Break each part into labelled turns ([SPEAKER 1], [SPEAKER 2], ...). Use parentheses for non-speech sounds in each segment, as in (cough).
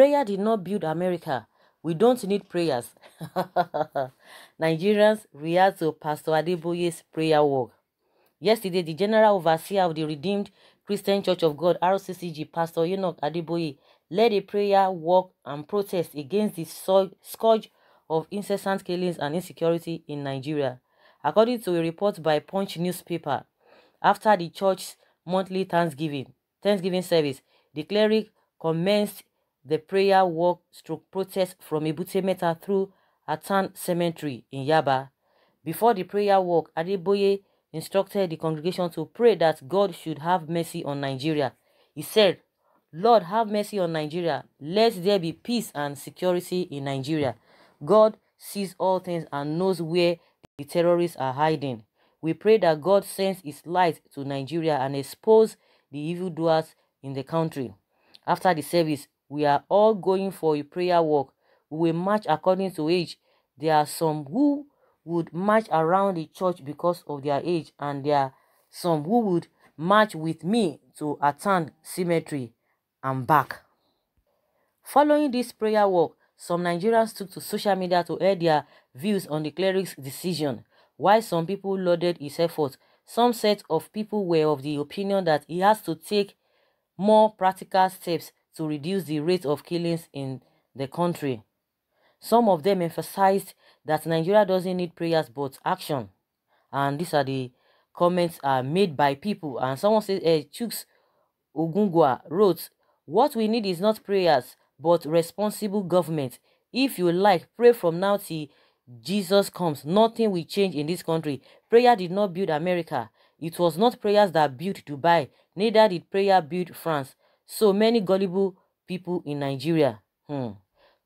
[SPEAKER 1] Prayer did not build America. We don't need prayers. (laughs) Nigerians react to Pastor Adeboye's prayer walk. Yesterday, the General Overseer of the Redeemed Christian Church of God, RCCG, Pastor Enoch Adeboye, led a prayer walk and protest against the scourge of incessant killings and insecurity in Nigeria. According to a report by Punch newspaper, after the church's monthly Thanksgiving, Thanksgiving service, the cleric commenced the prayer walk stroke protest from Ebute Meta through Atan Cemetery in Yaba. Before the prayer walk, Adeboye instructed the congregation to pray that God should have mercy on Nigeria. He said, Lord, have mercy on Nigeria. Let there be peace and security in Nigeria. God sees all things and knows where the terrorists are hiding. We pray that God sends his light to Nigeria and expose the evildoers in the country. After the service, we are all going for a prayer walk. We march according to age. There are some who would march around the church because of their age, and there are some who would march with me to attend cemetery and back. Following this prayer walk, some Nigerians took to social media to air their views on the cleric's decision. While some people lauded his efforts, some set of people were of the opinion that he has to take more practical steps to reduce the rate of killings in the country. Some of them emphasized that Nigeria doesn't need prayers but action. And these are the comments uh, made by people. And someone says, uh, eh, Chuks Ogungwa wrote, What we need is not prayers but responsible government. If you like, pray from now till Jesus comes. Nothing will change in this country. Prayer did not build America. It was not prayers that built Dubai. Neither did prayer build France. So many gullible people in Nigeria. Hmm.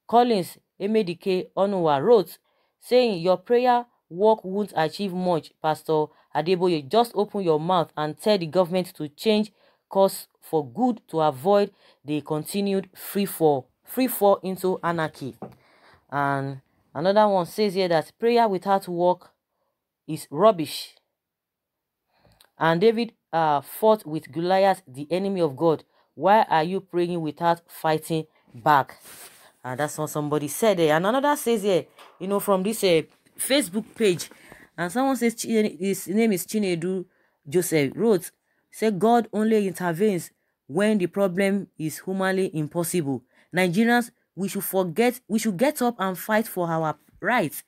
[SPEAKER 1] Collins Emedike Onuwa wrote, saying, Your prayer work won't achieve much, Pastor Adeboye. Just open your mouth and tell the government to change course for good to avoid the continued free fall, free fall into anarchy. And another one says here that prayer without work is rubbish. And David uh, fought with Goliath, the enemy of God, Why are you praying without fighting back? And that's what somebody said there. And another says here, you know, from this uh, Facebook page, and someone says his name is Chinedu Joseph wrote, say God only intervenes when the problem is humanly impossible. Nigerians, we should forget, we should get up and fight for our rights.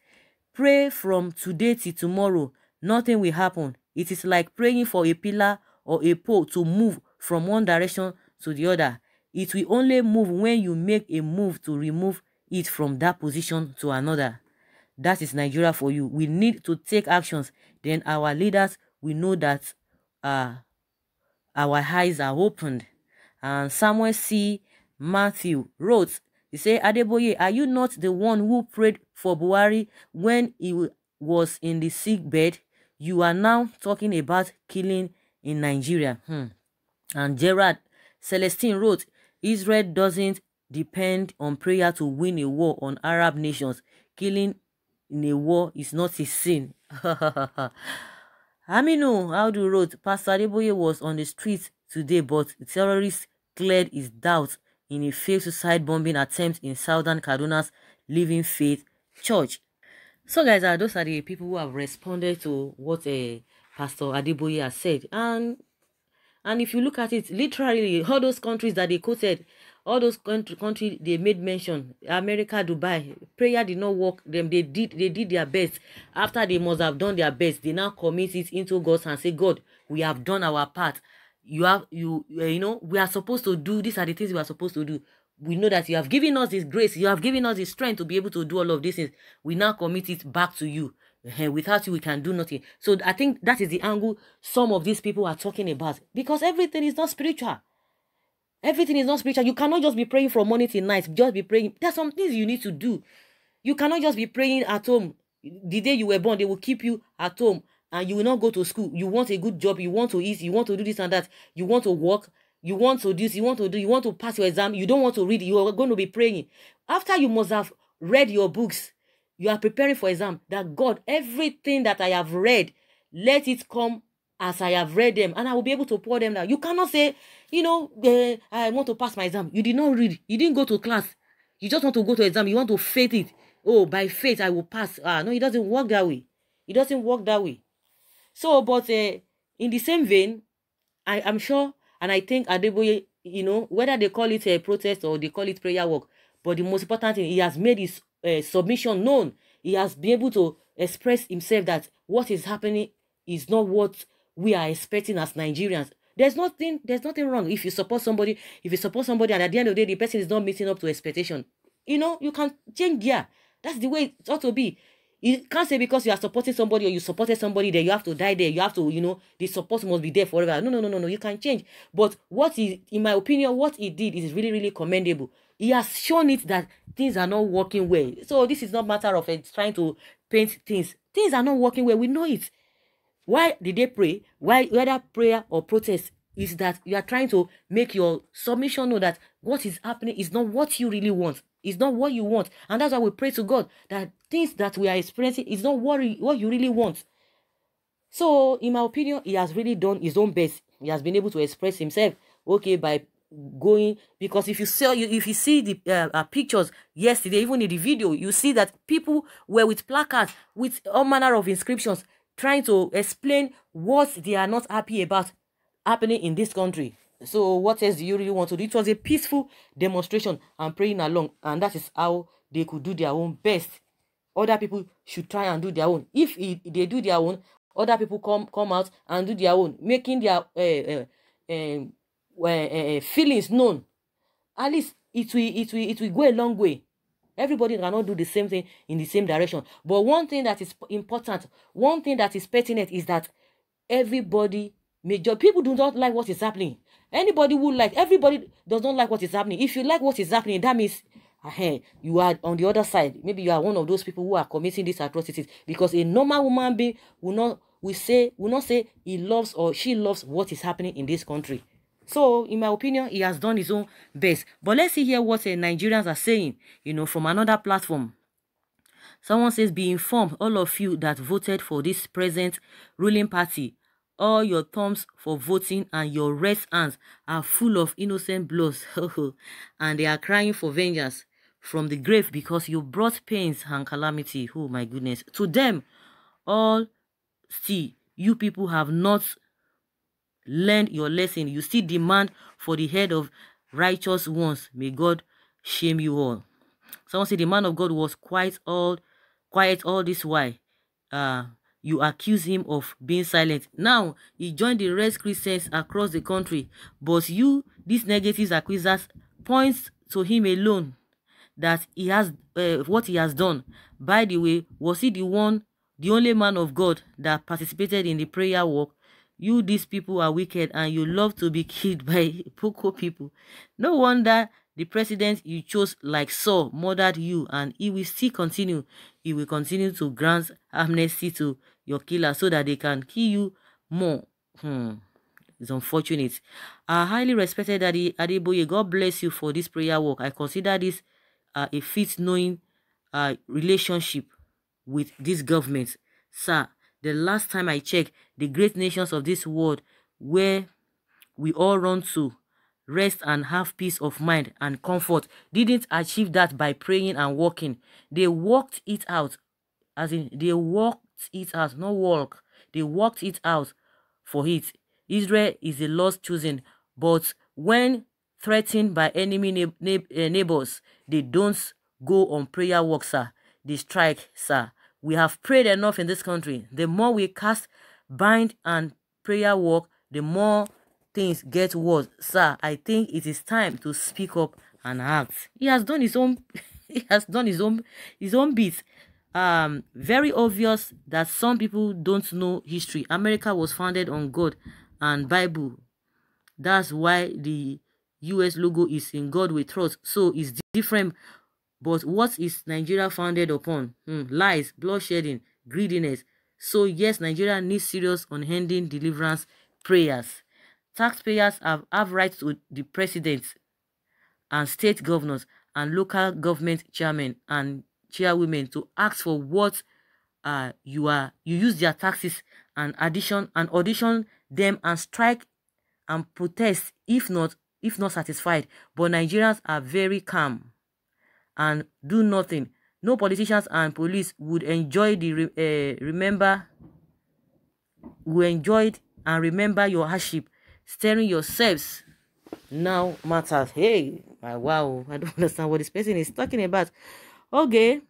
[SPEAKER 1] Pray from today to tomorrow. Nothing will happen. It is like praying for a pillar or a pole to move from one direction to the other. It will only move when you make a move to remove it from that position to another. That is Nigeria for you. We need to take actions. Then our leaders will know that uh, our eyes are opened. And Samuel C. Matthew wrote, he said, Adeboye, are you not the one who prayed for Buhari when he was in the sick bed? You are now talking about killing in Nigeria. Hmm. And Gerard Celestine wrote, Israel doesn't depend on prayer to win a war on Arab nations. Killing in a war is not a sin. (laughs) Aminu Audu wrote, Pastor Adeboye was on the streets today, but terrorists cleared his doubts in a failed suicide bombing attempt in southern Kaduna's Living Faith Church. So guys, uh, those are the people who have responded to what uh, Pastor Adeboye has said. And And if you look at it, literally, all those countries that they quoted, all those country, country they made mention, America, Dubai, prayer did not work. Them they did they did their best. After they must have done their best, they now commit it into God's and say, God, we have done our part. You have you eh, you know we are supposed to do these are the things we are supposed to do. We know that you have given us this grace, you have given us this strength to be able to do all of these things. We now commit it back to you. Eh, without you, we can do nothing. So I think that is the angle some of these people are talking about because everything is not spiritual. Everything is not spiritual. You cannot just be praying from morning to night. Just be praying. There's some things you need to do. You cannot just be praying at home. The day you were born, they will keep you at home and you will not go to school. You want a good job. You want to eat. You want to do this and that. You want to work. You want to do this. You want to do. You want to pass your exam. You don't want to read. You are going to be praying. After you must have read your books You are preparing for exam that God, everything that I have read, let it come as I have read them, and I will be able to pour them down. You cannot say, you know, uh, I want to pass my exam. You did not read. You didn't go to class. You just want to go to exam. You want to faith it. Oh, by faith I will pass. Ah, no, it doesn't work that way. It doesn't work that way. So, but uh, in the same vein, I am sure, and I think Adeboye, you know, whether they call it a protest or they call it prayer work, but the most important thing, he has made his uh, submission known. He has been able to express himself that what is happening is not what we are expecting as Nigerians. There's nothing, there's nothing wrong if you support somebody, if you support somebody, and at the end of the day, the person is not meeting up to expectation. You know, you can change gear. That's the way it ought to be. You can't say because you are supporting somebody or you supported somebody that you have to die there. You have to, you know, the support must be there forever. No, no, no, no, no. You can change. But what is, in my opinion, what he did is really, really commendable. he has shown it that things are not working well so this is not matter of it, eh, trying to paint things things are not working well we know it why did they pray why whether prayer or protest is that you are trying to make your submission know that what is happening is not what you really want it's not what you want and that's why we pray to god that things that we are experiencing is not what, what you really want so in my opinion he has really done his own best he has been able to express himself okay by going because if you saw you if you see the uh, uh, pictures yesterday even in the video you see that people were with placards with all manner of inscriptions trying to explain what they are not happy about happening in this country so what else do you really want to do it was a peaceful demonstration and praying along and that is how they could do their own best other people should try and do their own if they do their own other people come come out and do their own making their uh, uh, um, uh, uh, feelings known at least it will it will it will go a long way everybody cannot do the same thing in the same direction but one thing that is important one thing that is pertinent is that everybody major people do not like what is happening anybody would like everybody does not like what is happening if you like what is happening that means uh, you are on the other side maybe you are one of those people who are committing these atrocities because a normal woman being will not will say will not say he loves or she loves what is happening in this country So, in my opinion, he has done his own best. But let's see here what uh, Nigerians are saying, you know, from another platform. Someone says, be informed, all of you that voted for this present ruling party. All your thumbs for voting and your red hands are full of innocent blood. (laughs) and they are crying for vengeance from the grave because you brought pains and calamity. Oh, my goodness. To them, all see, you people have not learned your lesson. You still demand for the head of righteous ones. May God shame you all. Someone said the man of God was quiet all quiet all this while. Uh, you accuse him of being silent. Now he joined the rest Christians across the country, but you, these negative accusers, points to him alone that he has uh, what he has done. By the way, was he the one, the only man of God that participated in the prayer walk you, these people, are wicked and you love to be (laughs) killed by Poco people. No wonder the president you chose like Saul murdered you and he will still continue. He will continue to grant amnesty to your killer so that they can kill you more. Hmm. It's unfortunate. I highly respected Adi Adeboye, God bless you for this prayer work. I consider this uh, a fit knowing uh, relationship with this government. Sir, the last time I checked, the great nations of this world where we all run to rest and have peace of mind and comfort didn't achieve that by praying and walking. They walked it out. As in, they walked it out, not walk. They walked it out for it. Israel is the lost chosen, but when threatened by enemy eh, neighbors, they don't go on prayer walk, sir. They strike, sir we have prayed enough in this country. The more we cast, bind, and prayer work, the more things get worse. Sir, I think it is time to speak up and act. He has done his own (laughs) he has done his own his own bit. Um, very obvious that some people don't know history. America was founded on God and Bible. That's why the US logo is in God we trust. So it's different but what is Nigeria founded upon? Hmm. Lies, bloodshedding, greediness. So yes, Nigeria needs serious unending deliverance prayers. Taxpayers have, have rights to the president and state governors and local government chairmen and chairwomen to ask for what uh, you are you use their taxes and addition and audition them and strike and protest if not if not satisfied but nigerians are very calm and do nothing. No politicians and police would enjoy the re uh, remember who enjoyed and remember your hardship, staring yourselves now matters. Hey, my wow, (laughs) I don't understand what this person is talking about. Okay.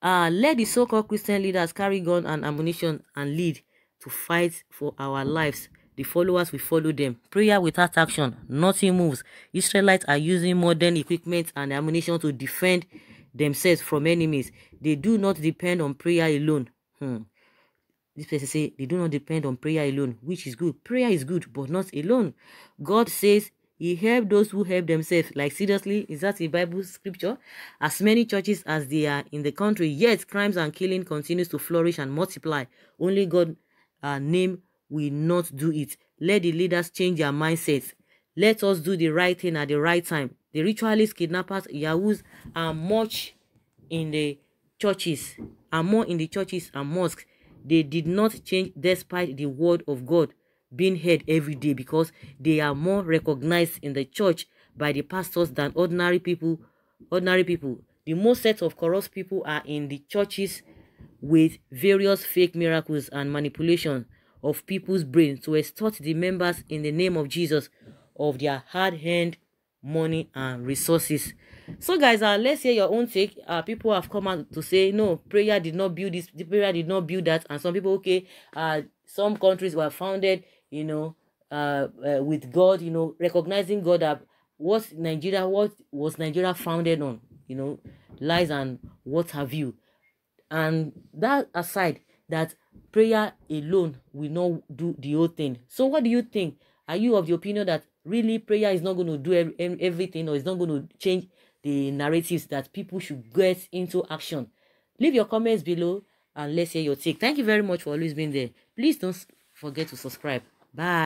[SPEAKER 1] Uh, let the so-called Christian leaders carry gun and ammunition and lead to fight for our lives. The followers will follow them. Prayer without action, nothing moves. Israelites are using modern equipment and ammunition to defend themselves from enemies. They do not depend on prayer alone. Hmm. This person say they do not depend on prayer alone, which is good. Prayer is good, but not alone. God says he helped those who help themselves. Like seriously, is that a Bible scripture? As many churches as they are in the country, yet crimes and killing continues to flourish and multiply. Only God uh, name will not do it. Let the leaders change their mindsets. Let us do the right thing at the right time. The ritualist kidnappers, yahoos are much in the churches, are more in the churches and mosques. They did not change despite the word of God being heard every day because they are more recognized in the church by the pastors than ordinary people. Ordinary people. The most set of corrupt people are in the churches with various fake miracles and manipulation of people's brains to extort the members in the name of Jesus of their hard-earned money and resources. So, guys, uh, let's hear your own take. Uh, people have come out to say no, prayer did not build this, the prayer did not build that, and some people okay, uh, some countries were founded, you know, uh, uh with God, you know, recognizing God that what Nigeria, what was Nigeria founded on, you know, lies and what have you. And that aside, that prayer alone will not do the whole thing. So, what do you think? Are you of the opinion that really prayer is not going to do everything or it's not going to change the narratives that people should get into action? Leave your comments below and let's hear your take. Thank you very much for always being there. Please don't forget to subscribe. Bye.